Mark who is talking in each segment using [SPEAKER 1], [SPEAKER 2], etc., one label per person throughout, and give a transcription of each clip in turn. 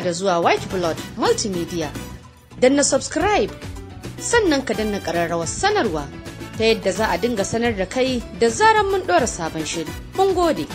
[SPEAKER 1] da zuwa white blood multimedia na subscribe sannan ka danna ƙararrawar sanarwa ta yadda za a dinga sanar da kai da zarar mun ɗora sabon shiri mun gode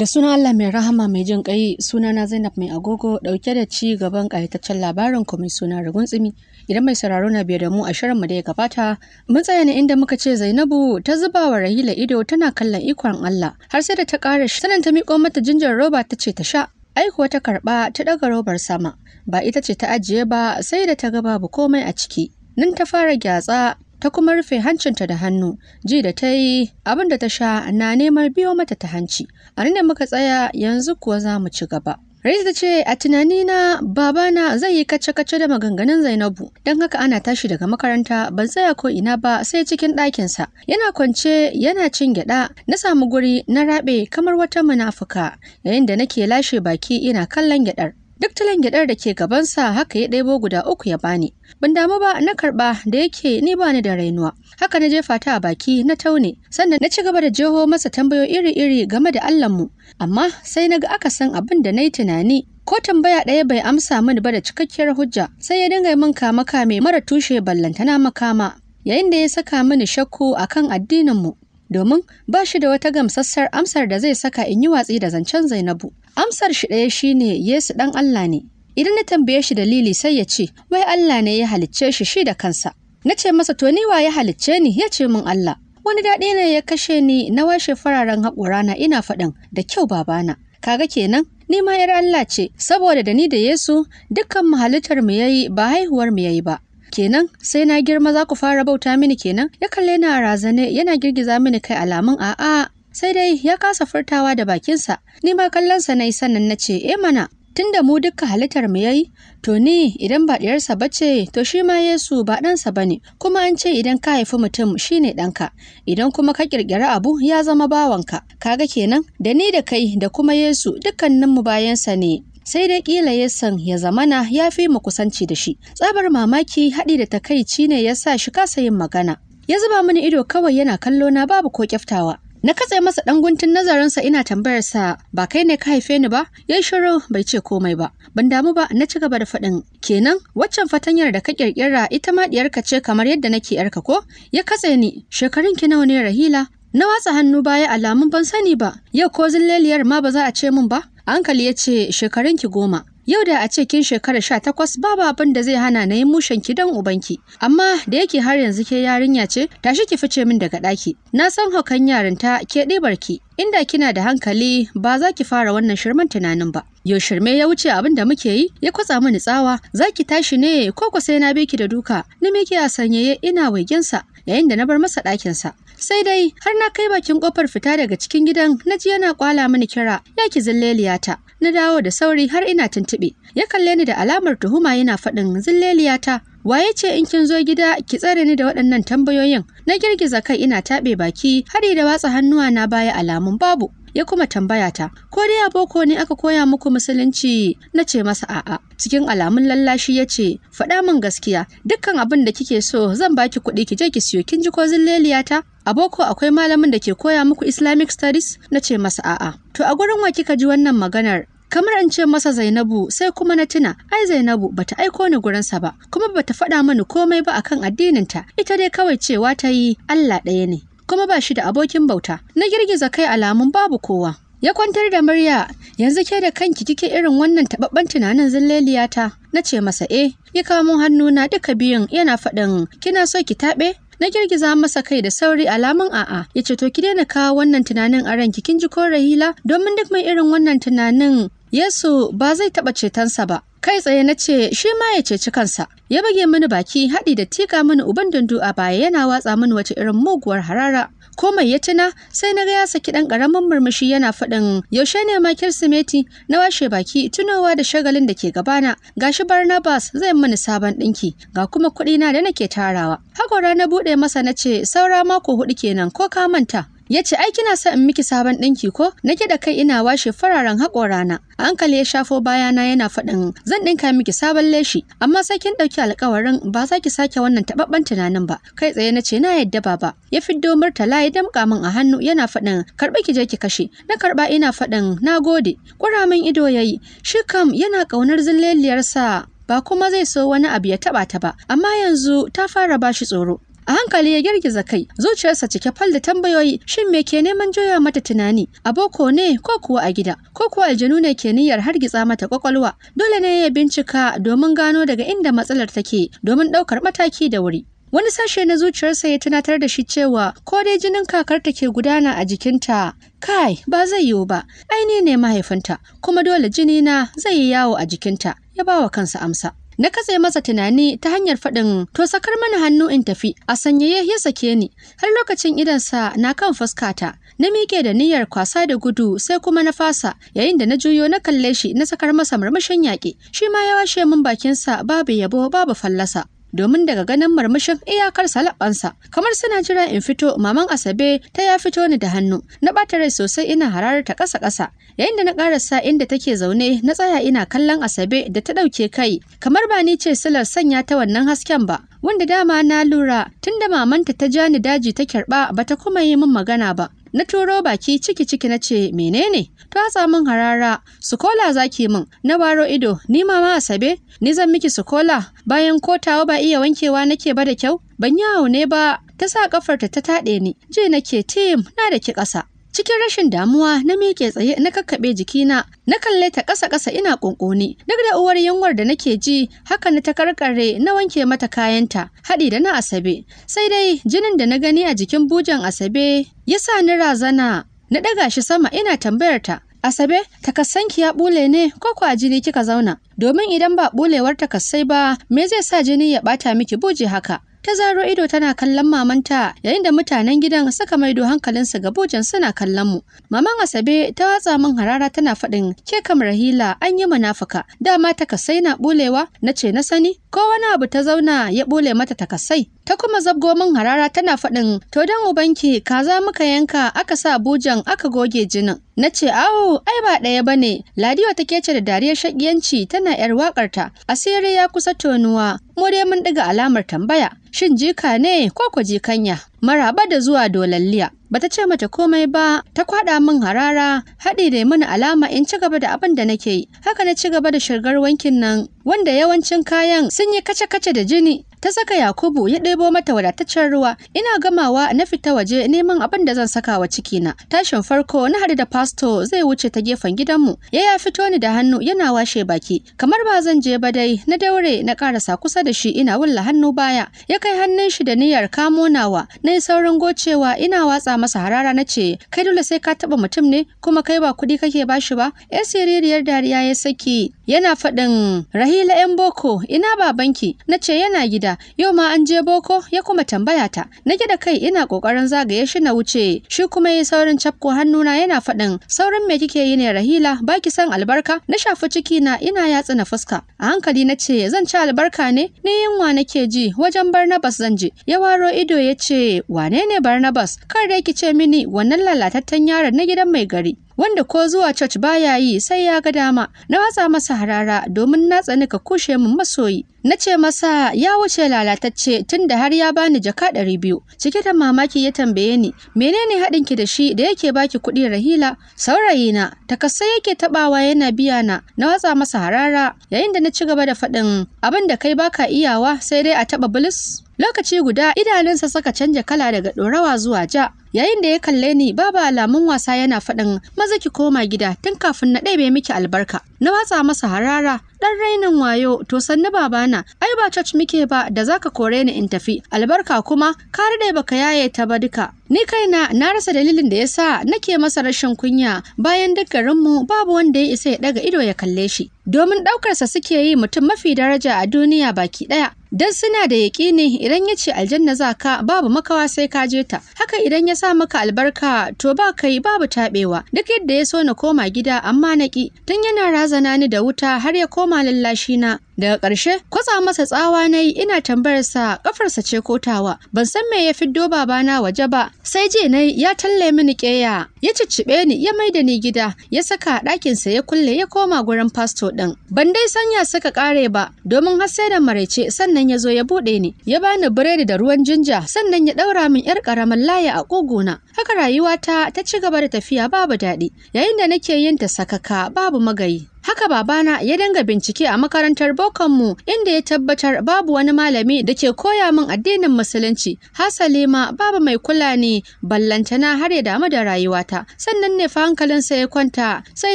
[SPEAKER 1] Da suna Allah mai rahama mai jin ƙai na Zainab mai agogo ɗauke da ci gaban ƙayataccen labarin kuma suna ragun tsimi. Idan mai sauraro na biya da mu a shirin shirinmu da ya gabata, mun tsaya ne inda muka ce Zainabu ta zuba wa Rahila ido tana kallon ikon Allah har sai da ta ƙara sanin ta miƙo mata jinjar roba ta ce ta sha. Aikuwa ta karɓa ta ɗaga robar sama ba ita ce ta ajiye ba sai da ta ga babu komai a ciki. Nan ta fara gyatsa ta kuma rufe hancinta da hannu ji da ta yi abin da ta sha na neman biyo mata ta hanci a ne muka tsaya yanzu kuwa za mu ci gaba Rais ta ce a tunanina babana zai yi kace-kace da maganganun Zainabu don haka ana tashi daga makaranta ban tsaya ko ina ba sai cikin ɗakinsa yana kwance yana cin gyaɗa na samu guri na raɓe kamar wata munafuka yayin da nake lashe baki ina kallon gyaɗar Duk talan gyaɗar da ke gabansa haka ya ɗebo guda uku ya bani. Ban damu ba na karɓa da yake ni bani da rainuwa. Haka na jefa ta a baki na taune. Sannan na ci gaba da jeho masa tambayo iri-iri game da Allahnmu. Amma sai na ga aka san abin da na yi tunani ko tambaya ɗaya bai amsa mini ba da cikakkiyar hujja sai ya dinga min kame-kame mara tushe ballantana makama yayin da ya saka mini shakku akan addininmu domin ba shi da wata gamsassar amsar da zai saka in yi watsi da zancen Zainabu Amsar shi ɗaya shine Yesu ɗan Allah ne. Idan na tambaye shi dalili sai ya ce, wai Allah ne ya halicce shi shi da kansa. Na ce masa to ni wa ya halicce ni ya ce min Allah. Wani daɗi ne ya kashe ni na washe fararen haƙorana ina faɗin da kyau babana. Kaga kenan ni ma ‘yar Allah ce, saboda da ni da Yesu dukkan mu halittar mu yayi ba haihuwar mu yayi ba. Kenan sai na girma za ku fara bauta mini kenan ya kalle na razane yana girgiza mini kai alamun a'a sai dai ya kasa furtawa da bakinsa ni ma kallonsa na yi sannan na ce e eh mana Tun da mu dukka halittar mu yayi to ni idan ba diyarsa ce, to shi ma Yesu ba ɗansa ba ne. kuma an ce idan ka haifi mutum shi ne ɗanka idan kuma ka kirkira abu ya zama bawanka kaga kenan da ni da kai da kuma Yesu dukkanin mu bayansa ne sai dai ƙila Yesan ya zamana ya fi mu kusanci da shi tsabar mamaki haɗi da takaici ne ya sa shi kasa yin magana ya zuba mini ido kawai yana kallona babu ko kyaftawa Na katse masa ɗan guntun nazarinsa ina tambayar sa ba kai ne ka haife ni ba? Ya shiru bai ce komai ba. Ban damu ba na ci gaba da faɗin. Kenan waccan fatanyar da ka ƙirƙira ita ma ɗiyarka ce kamar yadda nake yarka ko? Ya katse ni shekarun ki nawa ne Rahila? Na watsa hannu baya alamun ban sani ba. Yau ko zilleliyar ma ba za a ce min ba? hankali ya ce shekarun ki goma Yau da a ce kin shekara sha takwas babu abin da zai hana na yi mushen ki dan ubanki. Amma da yake har yanzu ke yarinya ce, tashi ki fice min daga ɗaki. Na san haukan yarinta ke ɗibar ki. Inda kina da hankali ba za ki fara wannan shirman tunanin ba. Yo shirme ya wuce abin da muke yi ya kwatsa mini tsawa za ki tashi ne ko ku sai na biki da duka Ni na miki a sanyaye ina waigensa yayin da na bar masa ɗakinsa. sai dai har na kai bakin kofar fita daga cikin gidan na ji yana kwala mini kira ya ki zilleliyata na dawo da sauri har ina tuntuɓe ya kalle ni da alamar tuhuma yana faɗin zilleliyata waye ce in kin zo gida ki tsare ni da waɗannan tambayoyin na girgiza kai ina taɓe baki har da watsa hannuwa na baya alamun babu ya kuma tambaya ta ko dai aboko ne aka koya muku musulunci na ce masa a'a cikin alamun lallashi yace, ce faɗa min gaskiya dukkan abin da kike so zan baki kuɗi ki je ki siyo kin ji ko zilleliyata a boko akwai malamin da ke koya muku islamic studies na ce masa a'a to a gurin wa kika ji wannan maganar kamar an ce masa Zainabu sai kuma na tuna ai Zainabu bata aiko ni gurinsa ba kuma bata faɗa mani komai ba akan addininta ita dai kawai cewa ta yi Allah ɗaya ne kuma ba shi da abokin bauta na girgiza kai alamun babu kowa ya kwantar da murya yanzu ke da kanki kike irin wannan taɓaɓɓen tunanin zilleliyata na ce masa eh ya hannu hannuna duka biyun yana faɗin kina so ki taɓe na girgiza masa kai da sauri alaman a'a ya ce to ki daina kawo wannan tunanin a ranki kin ji ko rahila domin duk mai irin wannan tunanin Yesu ba zai taɓa cetonsa ba. Kai tsaye na ce shi ma ya ceci kansa. Ya bage mini baki haɗi da tika mini uban dundu a baya yana watsa mini wace irin muguwar harara. Komai ya tuna sai na ga ya saki ɗan ƙaramin murmushi yana faɗin yaushe ne ma Kirsimeti na washe baki tunowa da shagalin da ke gabana. Gashi Barnabas zai mini sabon ɗinki ga kuma kuɗina da nake tarawa. Hakora na buɗe masa na ce saura mako huɗu kenan ko ka manta. ya ce ai kina sa in miki sabon ɗinki ko na da kai ina washe fararen haƙorana a hankali ya shafo bayana yana faɗin zan ɗinka miki sabon leshi amma sai kin ɗauki alƙawarin ba za ki sake wannan taɓaɓɓen tunanin ba kai tsaye na ce na yadda baba ya fiddo murtala ya damƙa min a hannu yana faɗin karɓi ki je ki kashe na karɓa ina faɗin na gode ƙuramin ido ya yi shi kam yana ƙaunar zilleliyarsa ba kuma zai so wani abu ya taɓa ta ba amma yanzu ta fara bashi tsoro a hankali ya girgiza kai zuciyarsa cike fal da tambayoyi shin me ke neman juya mata tunani a boko ne ko kuwa a gida ko kuwa aljanu ne ke niyyar hargitsa mata kwakwalwa dole ne ya bincika domin gano daga inda matsalar take domin ɗaukar mataki da wuri wani sashe na zuciyarsa ya tunatar da shi cewa ko dai jinin kakarta ke gudana a jikinta kai ba zai yiwu ba aini ne mahaifinta kuma dole jini na zai yi yawo a jikinta ya bawa kansa amsa na katse masa tunani ta hanyar faɗin to sakar mana hannu in tafi a sanyaye ya sake ni har lokacin idansa na kan fuskata na miƙe da niyyar kwasa da gudu sai kuma na fasa yayin da na juyo na kalle shi na sakar masa murmushin yaƙi shi ma ya washe min bakinsa babu yabo babu fallasa domin daga ganin murmushin iyakar salabansa kamar suna jira in fito maman asabe ta ya fito ni da hannu na bata rai sosai ina hararar ta kasa-kasa yayin da na karasa inda take zaune na tsaya ina kallon asabe da ta dauke kai kamar ba ni ce silar sanya ta wannan hasken ba wanda dama na lura tunda mamanta ta ja ni daji ta kirɓa ba ta kuma yi min magana ba Na turo baki ciki ciki na ce menene? Tatsa min harara, sukola zaki min, na baro ido, ni ma ma asabe, ni zan miki sukola, bayan kotawa ba iya wankewa nake ba da kyau, ban yawo ne ba, ta sa kafarta ta taɗe ni, je nake tim na da ki ƙasa. Cikin rashin damuwa na miƙe tsaye na kakkaɓe jikina, na kalle ta ƙasa-ƙasa ina ƙunƙuni. Duk da uwar yunwar da nake ji, haka na ta karkare na wanke mata kayanta, haɗi da na asabe. Sai dai jinin da na gani a jikin bujen asabe ya sa ni razana. Na ɗaga shi sama ina tambayar ta, Asabe, takassanki ya bule ne ko kwa jini kika zauna? Domin idan ba ɓulewar takassai ba, me zai sa jini ya ɓata miki buje haka? ta zaro ido tana kallon mamanta yayin da mutanen gidan suka maido hankalinsu ga bojan suna kallon mu maman asabe ta watsa min harara tana faɗin ke kam rahila an yi munafuka dama takasai na bulewa na ce na sani ko wani abu ta zauna ya bule mata takasai ta kuma zabgo min harara tana faɗin to dan ubanki kaza muka yanka aka sa bujan aka goge jinin na ce awo ai ba ɗaya ba ne ladiwa ta kece da dariyar shakiyanci tana yar waƙarta asiri ya kusa tonuwa mu dai mun ɗiga alamar tambaya shin jika ne ko ku jikanya maraba da zuwa dolalliya bata ce mata komai ba ta kwaɗa min harara haɗi da mini alama in ci gaba da abin da nake yi haka na ci gaba da shirgar wankin nan wanda yawancin kayan sun yi kace-kace da jini ta saka Yakubu ya ɗebo mata wadataccen ruwa ina gamawa na fita waje neman abin da zan saka wa cikina tashin farko na hadu da Fasto zai wuce ta gefen gidanmu ya ya fito ni da hannu yana washe baki kamar ba zan je ba dai na daure na karasa kusa da shi ina wulla hannu baya ya kai hannun shi da niyyar kamo nawa na yi saurin gocewa ina watsa masa harara na ce kai dole sai ka taɓa mutum ne kuma kai ba kuɗi kake bashi ba ya siririyar dariya ya saki yana faɗin rahila yan boko ina babanki na ce yana gida yau ma an je boko ya kuma tambaya ta nake da kai ina kokarin zagaye shi na wuce shi kuma yi saurin cafko hannuna yana faɗin saurin me kike yi ne rahila baki san albarka na shafi ciki na ina yatsa na fuska a hankali na ce zan ci albarka ne ni yunwa nake ji wajen barnabas zan je ya waro ido ya ce wane ne barnabas kar da ki ce mini wannan lalataccen yaron na gidan mai gari wanda ko zuwa church baya yi sai ya ga dama na watsa masa harara domin na tsani ka kushe min masoyi na ce masa ya wuce lalatacce tunda har ya bani jaka ɗari biyu cike da mamaki ya tambaye ni menene haɗin ki da shi da yake baki kuɗi rahila saurayi na takasai yake taɓawa yana biya na na watsa masa harara yayin da na ci gaba da faɗin abin da kai baka iyawa sai dai a taɓa bilis Lokaci guda idanunsa suka canja kala daga ɗorawa zuwa ja. Yayin da ya kalle ni babu alamun wasa yana faɗin maza ki koma gida tun kafin na ɗebe miki albarka. Na watsa masa harara ɗan rainin wayo to sannu babana ai ba church muke ba da zaka kore ni in tafi albarka kuma ka daɗe baka yaye ta ba duka. Ni kaina na rasa dalilin da ya yasa nake masa rashin kunya bayan duk garinmu babu wanda ya isa ya daga ido ya kalle shi. Domin ɗaukarsa suke yi mutum mafi daraja a duniya baki ɗaya. Dan suna da yaƙini idan ya ce aljanna za ka babu makawa sai ka je ta. Haka idan ya sa maka albarka to ba kai babu taɓewa. Duk yadda ya so na koma gida amma na Tun yana razana ni da wuta har ya koma lallashi na. Daga ƙarshe kwatsa masa tsawa na yi ina tambayar sa ƙafarsa ce ko tawa ban san me ya fiddo babana waje ba sai je na ya talle mini ƙeya ya ciccibe ni ya maida ni gida ya saka ɗakinsa ya kulle ya koma gurin fasto ɗin. Ban dai ya saka ƙare ba domin har sai da maraice sannan ya zo ya buɗe ni ya bani biredi da ruwan jinja sannan ya ɗaura min ƴar ƙaramin laya a ƙuguna. Haka rayuwata ta ci gaba da tafiya babu daɗi yayin da nake yin ta sakaka babu magayi. Haka babana ya dinga bincike a makarantar bokanmu inda ya tabbatar babu wani malami da ke koya min addinin musulunci. Hasali ma babu mai kula ne ballantana har ya damu da rayuwata. Sannan ne fa hankalinsa ya kwanta sai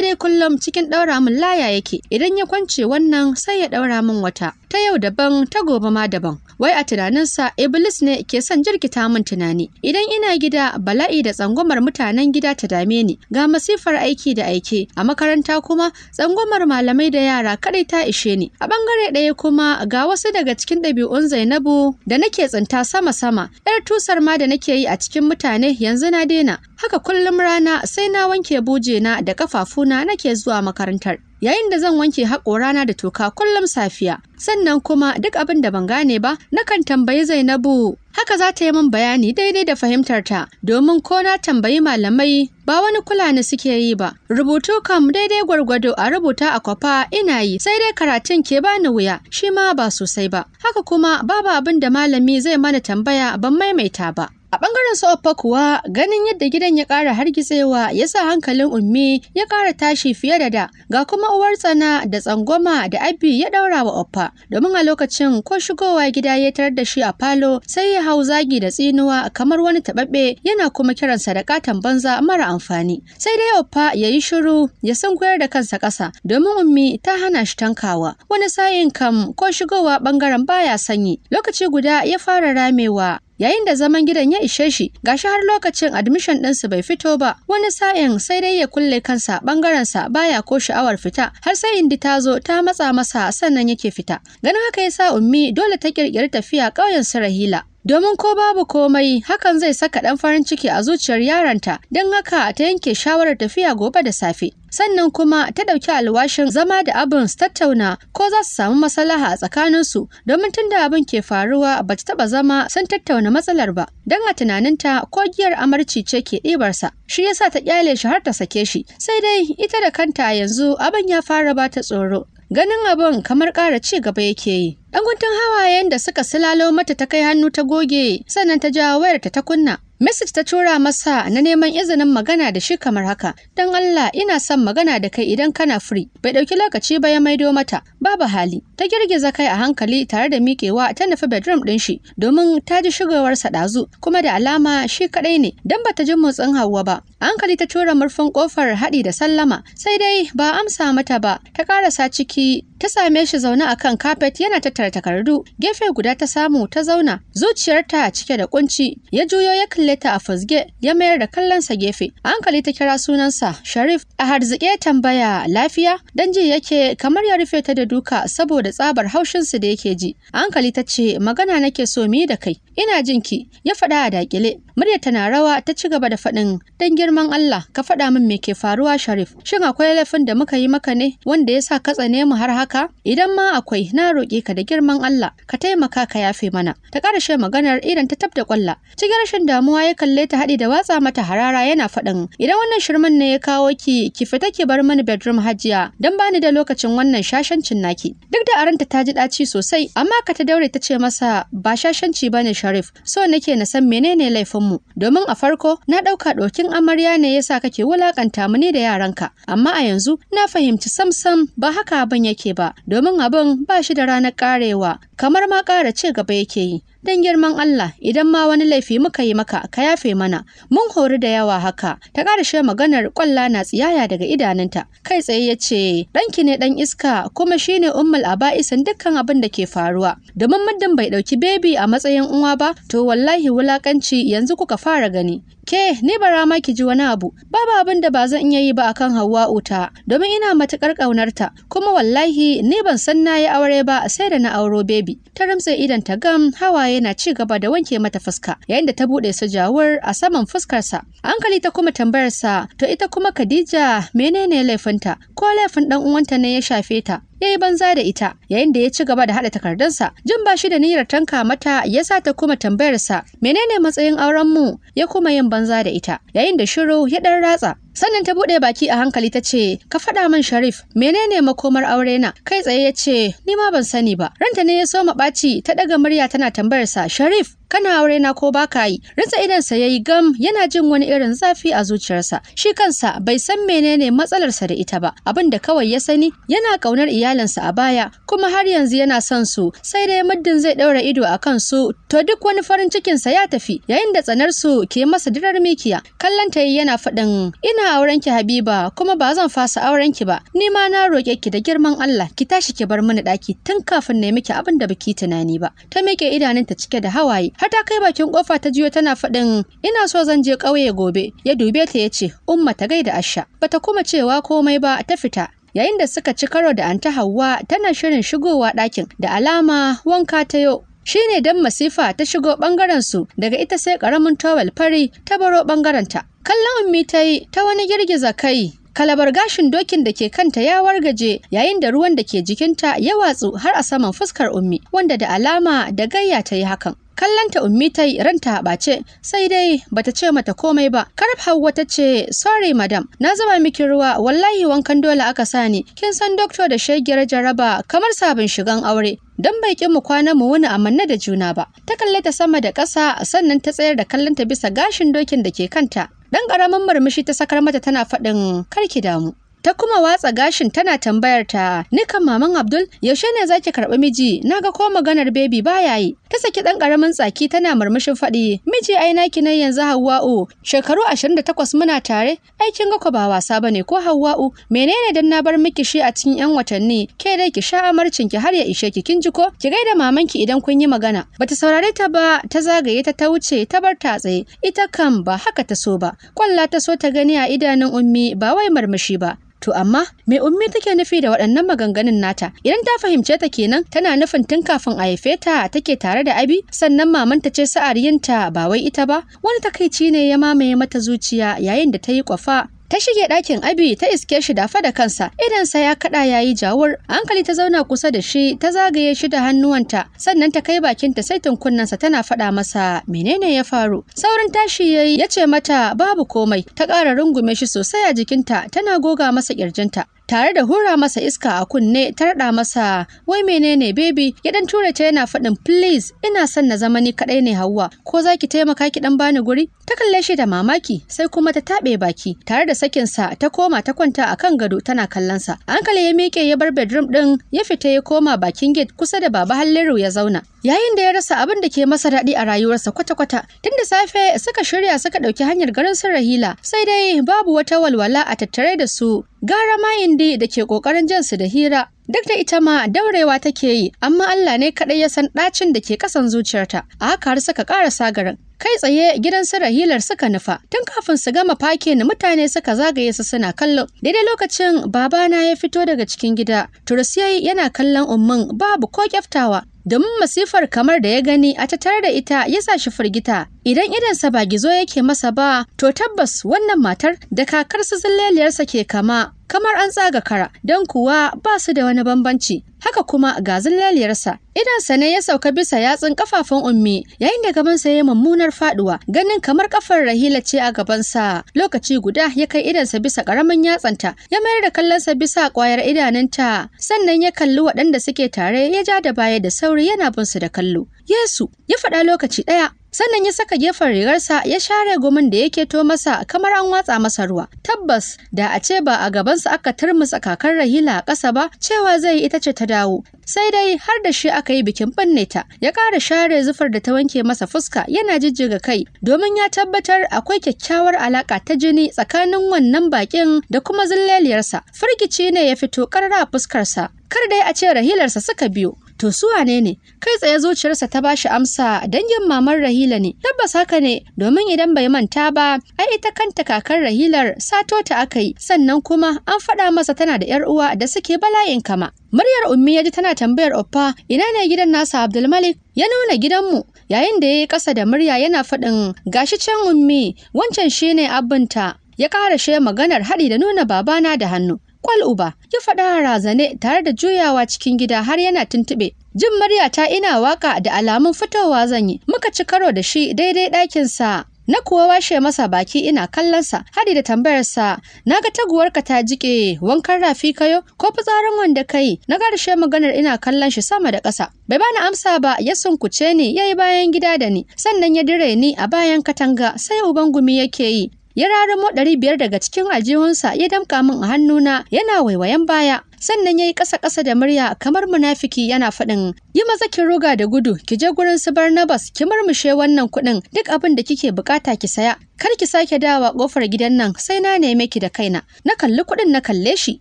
[SPEAKER 1] dai kullum cikin ɗaura min laya yake. Idan ya kwance wannan sai ya ɗaura min wata. Ta yau daban ta gobe ma daban. Wai a tunaninsa Iblis ne ke son jirkita min tunani. Idan ina gida bala'i da tsangwamar mutanen gida ta dame ni. Ga masifar aiki da aike a makaranta kuma tsangwamar hukumar malamai da yara kadai ta ishe ni. A bangare ɗaya kuma ga wasu daga cikin ɗabi'un Zainabu da nake tsinta sama-sama, ‘yar tusar ma da nake yi a cikin mutane yanzu na daina. Haka kullum rana sai na wanke bujena da kafafuna nake zuwa makarantar. yayin da zan wanke haƙorana da toka kullum safiya sannan kuma duk abin da ban gane ba nakan tambayi zainabu haka za ta yi min bayani daidai da fahimtarta domin ko na tambayi malamai ba wani kula ne suke yi ba rubutu kam daidai gwargwado a rubuta a kwafa ina yi sai dai karatun ke bani wuya shi ma ba sosai ba haka kuma babu abin da malami zai mana tambaya ban maimaita ba A bangaren su Oppa kuwa ganin yadda gidan ya ƙara hargitsewa ya sa hankalin Ummi ya ƙara tashi fiye da da. Ga kuma uwar tsana da tsangwama da Abi ya ɗaura wa Oppa. domin a lokacin ko shigowa gida ya tarar da shi a falo sai ya hau zagi da tsinuwa kamar wani taɓaɓɓe yana kuma kiransa da katon banza mara amfani. Sai dai Oppa ya yi shiru ya koyar da kansa ƙasa domin Ummi ta hana shi tankawa. Wani sayin kam ko shigowa bangaren baya sanyi lokaci guda ya fara ramewa yayin da zaman gidan ya ishe shi gashi har lokacin admission ɗinsu bai fito ba wani sa'in sai dai ya kulle kansa ɓangarensa baya ko sha'awar fita har sai indi ta zo ta matsa masa sannan yake fita ganin haka ya sa ummi dole ta ƙirƙiri tafiya ƙauyen su rahila domin ko babu komai hakan zai saka ɗan farin ciki a zuciyar yaronta don haka ta yanke shawarar tafiya gobe da safe sannan kuma ta ɗauki alwashin zama da abin su tattauna ko za su samu maslaha a tsakaninsu domin tun da abin ke faruwa ba ta taɓa zama sun tattauna matsalar ba don a tunaninta ko giyar amarci ce ke ɗibarsa shi yasa ta ƙyale shi har ta sake shi sai dai ita da kanta yanzu abin ya fara ba ta tsoro ganin abin kamar ƙara ci gaba yake yi. Ɗan guntun hawayen da suka silalo mata ta kai hannu ta goge sannan ta jawo wayarta ta kunna. Message ta tura masa na neman izinin magana da shi kamar haka. Don Allah ina son magana da kai idan kana free. Bai ɗauki lokaci ba ya maido mata. Babu hali. Ta girgiza kai a hankali tare da miƙewa ta nufi bedroom ɗin shi domin ta ji shigowarsa ɗazu kuma da alama shi kaɗai ne don bata ji motsin Hauwa ba. A hankali ta tura murfin ƙofar haɗi da sallama sai dai ba amsa mata ba ta ƙarasa ciki ta same shi zaune a kan kafet yana tattara takardu gefe guda ta samu ta zauna zuciyarta cike da kunci ya juyo ya kalli kalle ta a ya mayar da kallonsa gefe A hankali ta kira sunansa sharif a harzike tambaya lafiya dan ji yake kamar ya rufe ta da duka saboda tsabar haushinsu da yake ji A hankali ta ce magana nake so mi da kai ina jin ki ya faɗa a dakile murya tana rawa ta ci gaba da faɗin dan girman Allah ka faɗa min me ke faruwa Sharif shin akwai laifin da muka yi maka ne wanda ya sa ka tsane mu har haka idan ma akwai na roƙe ka da girman Allah ka taimaka ka yafe mana ta ƙarashe maganar irin ta tabda kwalla cikin rashin damuwa damuwa ya kalle ta haɗi da watsa mata harara yana faɗin idan wannan shirman ne ya kawo ki ki fita ki bar mani bedroom hajiya dan bani da lokacin wannan shashancin naki duk da aranta ta ji ɗaci sosai amma ka ta daure ta ce masa ba shashanci bane sharif so nake na san menene laifinmu domin a farko na ɗauka ɗokin amarya ne yasa kake wulakanta mu ne da yaranka amma a yanzu na fahimci sam sam ba haka abin yake ba domin abin ba shi da ranar karewa kamar ma ƙara ci gaba yake yi dan girman Allah idan ma wani laifi muka yi maka ka yafe mana mun hori da yawa haka ta ƙarshe maganar kwalla na tsiyaya daga idanunta kai tsaye ya ce ɗanki ne ɗan iska kuma shine ummul aba'isan dukkan abin da ke faruwa domin muddin bai ɗauki bebi a matsayin uwa ba to wallahi wulakanci yanzu kuka fara gani Ke, ni bara ma ki ji wani abu, babu abin da ba zan iya yi ba akan Hauwa, ta, domin ina matuƙar ƙaunarta, kuma wallahi ni ban san na yi aure ba sai da na auro baby. Ta ramsa idan ta gam hawaye na ci gaba da wanke mata fuska, yayin da ta buɗe su a saman fuskarsa. Hankali ta kuma tambayarsa, to ita kuma Khadija menene laifinta, ko laifin ɗan uwanta ne ya shafe ta? ya yi banza da ita yayin da ya ci gaba da haɗa takardunsa jin ba shi da niyyar tanka mata ya sa ta kuma tambayarsa menene matsayin auren mu ya kuma yin banza da ita yayin da shiru ya ɗan ratsa sannan ta buɗe baki a hankali ta ce ka faɗa min sharif menene makomar aure na kai tsaye ya ce ni ma ban sani ba ranta ne ya soma ɓaci ta ɗaga murya tana tambayarsa sharif kana aure na ko baka yi rinsa idansa ya yi gam yana jin wani irin zafi a zuciyarsa shi kansa bai san menene matsalarsa da ita ba abin da kawai ya sani yana ƙaunar iyalinsa a baya kuma har yanzu yana son su sai dai muddin zai daura ido a kan su to duk wani farin cikin sa ya tafi yayin da tsanar su ke masa dirar mikiya kallon ta yana faɗin ina auren ki habiba kuma ba zan fasa auren ki ba ni ma na roƙe ki da girman Allah ki tashi ki bar mini ɗaki tun kafin na miki abin da baki tunani ba ta miƙe idanunta cike da hawaye har ta kai bakin kofa ta jiyo tana faɗin ina so zan je ƙauye gobe ya dube ta ya ce umma ta gaida asha bata kuma cewa komai ba ta fita yayin da suka ci karo da anta hawa tana shirin shigowa ɗakin da alama wanka ta yau shine dan masifa ta shigo bangaren su daga ita sai karamin towel fari ta baro bangaren kallon ummi ta yi ta wani girgiza kai kalabar gashin dokin da ke kanta ya wargaje yayin da ruwan da ke jikinta ya watsu har a saman fuskar ummi wanda da alama da gayya ta yi hakan kallanta ummi ta yi ranta ba ɓace sai dai bata ce mata komai ba karab hauwa ta ce sorry madam na zama miki ruwa wallahi wankan dole aka sani kin san doctor da shagiyar jaraba kamar sabon shigan aure don bai kin mu kwana mu wani amanna da juna ba ta kalle ta sama da ƙasa sannan ta tsayar da kallonta bisa gashin dokin da ke kanta dan ƙaramin murmushi ta sakar mata tana faɗin karki damu ta kuma watsa gashin tana tambayar ta nikan maman Abdul yaushe ne zaki karɓi miji naga ko maganar baby baya yi ta saki dan karamin tsaki tana murmushin faɗi miji ai naki nan yanzu Hawwa'u shekaru 28 muna tare ai kin ga ko ba wasa bane ko Hawwa'u menene dan na bar miki shi a cikin yan watanni ke dai ki sha amarcin ki har ya ishe ki kin ji ko ki gaida mamanki idan kun yi magana bata saurare ta ba ta zagaye ta ta wuce ta bar ta tsaye ita kan ba haka ta so ba kwalla ta so ta gani a idanun ummi ba wai murmushi ba To amma me ummi take nufi da waɗannan maganganun nata? Idan ta fahimce ta kenan tana nufin tun kafin a haife ta take tare da Abi sannan mamanta ce sa'ariyinta ba wai ita ba. Wani takaici ne ya mamaye mata zuciya yayin da ta yi kwafa ta shige ɗakin abi ta iske shi dafa da kansa sa ya kaɗa yayi jawar, jawur hankali ta zauna kusa da shi ta zagaye shi da hannuwanta sannan ta kai bakinta sai tunkunnansa tana faɗa masa menene ya faru saurin tashi yayi yace ya ce mata babu komai ta ƙara rungume shi sosai a jikinta tana goga masa ƙirjinta tare da hura masa iska a kunne ta raɗa masa wai menene baby ya dan ture ta yana faɗin please ina son na zama ni kaɗai ne Hauwa ko za ki taimaka ki dan bani guri ta kalle shi da mamaki sai kuma ta taɓe baki tare da sakin sa ta koma ta kwanta a kan gado tana kallon sa hankali ya miƙe ya bar bedroom ɗin ya fita ya koma bakin gate kusa da baba Halliru ya zauna yayin da ya rasa abin da ke masa daɗi a rayuwarsa kwata-kwata tun da safe suka shirya suka ɗauki hanyar garin su rahila sai dai babu wata walwala a tattare da su gara mayindi da ke ƙoƙarin jan su da hira duk da ita ma daurewa take yi amma Allah ne kaɗai ya san ɗacin da ke ƙasan zuciyarta a haka har suka ƙara garin kai tsaye gidan su rahilar suka nufa tun kafin su gama fake mutane suka zagaye su suna kallon daidai lokacin babana ya fito daga cikin gida turusiyai yana kallon ummin babu ko kyaftawa domin masifar kamar da ya gani a tattare da ita ya sa shi firgita idan idansa ba gizo yake masa ba to tabbas wannan matar da kakar su zilleliyarsa ke kama kamar an tsaga kara don kuwa ba su da wani bambanci haka kuma ga zilleliyarsa idansa ne ya sauka bisa yatsun kafafun ummi yayin da gabansa ya mummunar faduwa ganin kamar kafar rahila ce a gabansa lokaci guda ya kai idansa bisa karamin yatsanta ya mayar da kallonsa bisa kwayar idanunta sannan ya kalli waɗanda suke tare ya ja da baya da sauri yana bin su da kallo yesu ya faɗa lokaci ɗaya sannan ya saka gefen rigarsa ya share gumin da yake to masa kamar an watsa masa ruwa tabbas da a ce ba a gaban gabansa aka turmusa kakar rahila a ƙasa ba cewa zai yi ita ce ta dawo sai dai har da shi aka yi bikin binne ta ya ƙara share zufar da ta wanke masa fuska yana jijjiga kai domin ya tabbatar akwai kyakkyawar alaƙa ta jini tsakanin wannan baƙin da kuma zilleliyarsa firgici ne ya fito ƙarara a fuskarsa kar dai a ce rahilarsa suka biyo to su wane ne kai tsaye zuciyarsa ta bashi amsa dangin mamar rahila ne tabbas haka ne domin idan bai manta ba ai ita kanta kakar rahilar sato ta aka yi sannan kuma an faɗa masa tana da yar uwa da suke bala'in kama muryar ummi ya ji tana tambayar oppa ina ne gidan nasa abdulmalik ya nuna gidanmu yayin da ya yi ƙasa da murya yana faɗin gashi can ummi wancan shine abinta ya ƙara she maganar haɗi da nuna babana da hannu kwal uba ya faɗa razane tare da juyawa cikin gida har yana tuntuɓe jin ta ina waka da alamun fitowa zan yi muka ci karo da shi daidai ɗakinsa na kuwa washe masa baki ina kallonsa hadi da tambayarsa na ga taguwarka ta jike wankan rafi kayo ko fitsarin wanda kai na karshe maganar ina kallon shi sama da ƙasa bai bani amsa ba ya sunkuce ni yayi bayan gida da ni sannan ya dire ni a bayan katanga sai ubangumi yake yi ya raramo ɗari biyar daga cikin aljihunsa ya damƙa min a hannuna yana waiwayen baya sannan ya yi ƙasa-ƙasa da murya kamar munafuki yana faɗin yi maza ki ruga da gudu ki je gurin su barnabas ki murmushe wannan kuɗin duk abin da kike buƙata ki saya kar ki sake dawa ƙofar gidan nan sai na neme ki da kaina na kalli kuɗin na kalle shi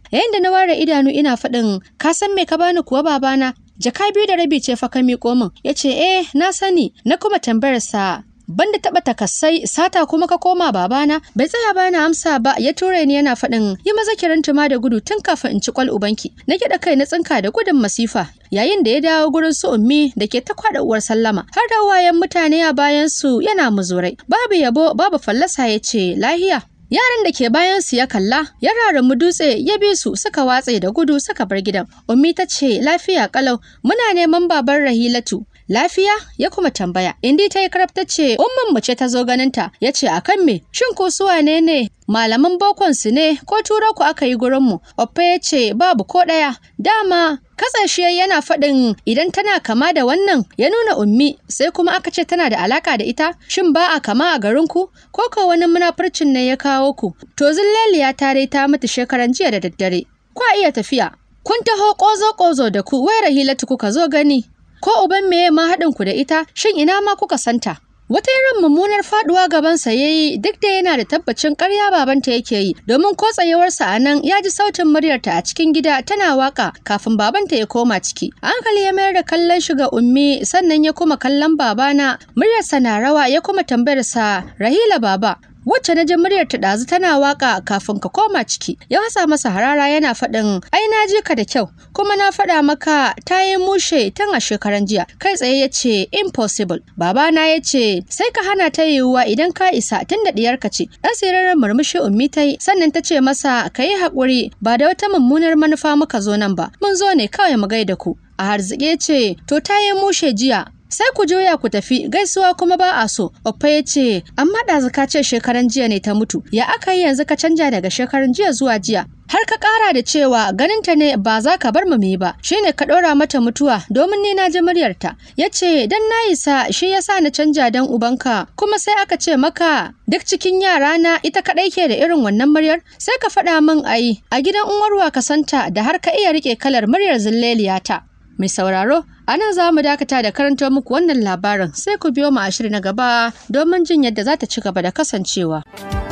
[SPEAKER 1] yayin da na ware idanu ina faɗin ka san me ka bani kuwa babana jaka biyu da rabi ce fa ka miƙo min ya ce eh na sani na kuma tambayarsa banda taba takassai sata kuma ka koma babana bai tsaya ba na amsa ba ya ture ni yana faɗin yi maza kiran tuma da gudu tun kafin in ci kwal ubanki na kiɗa kai na tsinka da gudun masifa yayin da ya dawo gurin su ummi da ke ta kwaɗa uwar sallama har da wayan mutane a bayan su yana muzurai babu yabo babu fallasa ya ce lahiya Yaran da ke bayan su ya kalla, ya mu dutse ya bi su suka watse da gudu suka bar gidan. Ummi ta ce, "Lafiya kalau, muna neman baban Rahilatu." lafiya ya kuma tambaya indi ta yi karab ta ce umman mace ta zo ganinta ya ce akan me shin ko su wane ne malaman bokon su ne ko turo ku aka yi gurinmu oppa ya ce babu ko ɗaya dama kasashe yana faɗin idan tana kama da wannan ya nuna ummi sai kuma aka ce tana da alaka da ita shin ba a kama a garin ku ko ka wani munafurcin ne ya kawo ku to zillaliya ta dai ta mutu shekaran jiya da daddare kwa iya tafiya kun taho kozo ƙozo da ku wai rahilatu kuka zo gani ko uban meye ma haɗin ku da ita shin ina ma kuka santa Wata irin mummunar faduwa gabansa ya yi duk da yana da tabbacin ƙarya babanta yake yi domin ko tsayewarsa a nan ya ji sautin muryarta a cikin gida tana waka kafin babanta ya koma ciki. Hankali ya mayar da kallon shi ga ummi sannan ya kuma kallon babana muryarsa na rawa ya kuma tambayarsa Rahila baba wacce na ji muryar ta ɗazu tana waka kafin ka koma ciki ya hasa masa harara yana faɗin ai na ji ka da kyau kuma na faɗa maka ta yi mushe tun a shekaran jiya kai tsaye ya ce impossible babana ya ce sai ka hana ta yiwuwa idan ka isa tun da ka ce ɗan sirarin murmushi ummi ta yi sannan ta ce masa ka yi haƙuri ba da wata mummunar manufa muka zo nan ba mun zo ne kawai mu gaida ku a harzike ce to ta yi mushe jiya sai ku juya ku tafi gaisuwa kuma ba a so Oppa ya ce amma ɗazu ka ce shekaran jiya ne ta mutu ya aka yi yanzu ka canja daga shekaran jiya zuwa jiya har ka ƙara da cewa ganinta ne ba za ka bar mu ba shine ka ɗora mata mutuwa domin ni na ji muryarta ya ce don na isa shi ya sa na canja dan ubanka kuma sai aka ce maka duk cikin yara na ita kaɗai ke da irin wannan muryar sai ka faɗa min ayi a gidan uwarwa ka santa da har ka iya riƙe kalar muryar zilleliyata Mai sauraro, ana za mu dakata da karanta muku wannan labarin sai ku biyo mu a shiri na gaba domin jin yadda za ta ci gaba da kasancewa.